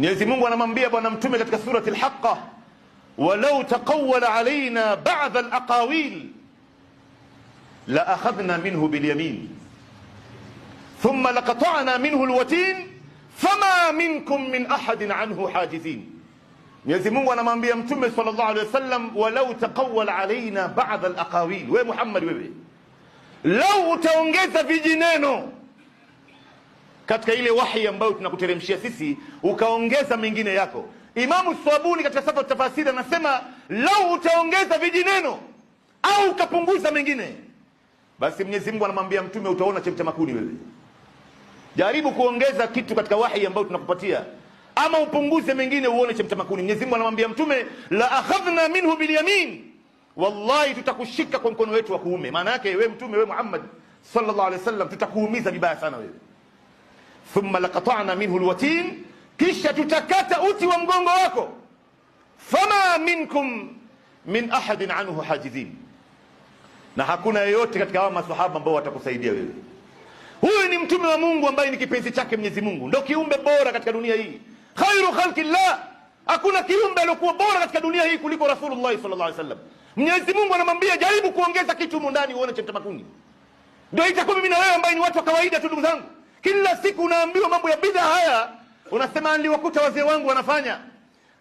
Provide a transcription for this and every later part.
Mwenyezi Mungu anamwambia Bwana Mtume katika surati Al-Haqqa, walau taqawwala alaina ba'dha al-aqawil la akhadhna minhu bilyamin thumma laqata'na minhu alwatin fama minkum min ahadin anhu hajizin. Mwenyezi Mungu anamwambia Mtume sallallahu alaihi wasallam, walau taqawwala alaina ba'dha al-aqawil, we Muhammad, wewe lau utaongeza vijineno katika ile wahi ambayo tunakuteremshia sisi, ukaongeza mengine yako. Imamu Sabuni katika safa tafasiri anasema lau utaongeza vijineno au ukapunguza mengine, basi Mwenyezi Mungu anamwambia Mtume, utaona makuni wewe. Jaribu kuongeza kitu katika wahi ambayo tunakupatia ama upunguze mengine uone chemchemakuni. Mwenyezi Mungu anamwambia Mtume, la akhadhna minhu bilyamin, wallahi tutakushika kwa mkono wetu wa kuume. Maana yake wewe Mtume, wewe Muhammad sallallahu alaihi wasallam, tutakuumiza vibaya sana wewe thumma laqata'na minhu alwatin, kisha tutakata uti wa mgongo wako. Fama minkum min ahadin anhu hajizin, na hakuna yeyote katika hawa maswahaba ambao watakusaidia wewe. Huyu ni mtume wa Mungu ambaye ni kipenzi chake Mwenyezi Mungu, ndio kiumbe bora katika dunia hii, khairu khalqillah. Hakuna kiumbe aliyokuwa bora katika dunia hii kuliko Rasulullah sallallahu alaihi wasallam. Mwenyezi Mungu anamwambia jaribu kuongeza kitu humu ndani uone cha mtakuni. Ndio itakuwa mimi na wewe ambaye ni watu wa kawaida tu, ndugu zangu. Kila siku unaambiwa mambo ya bidhaa haya, unasema niliwakuta wazee wangu wanafanya.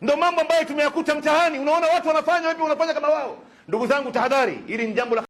Ndo mambo ambayo tumeyakuta mtaani, unaona watu wanafanya, wapi wanafanya kama wao. Ndugu zangu, tahadhari, hili ni jambo la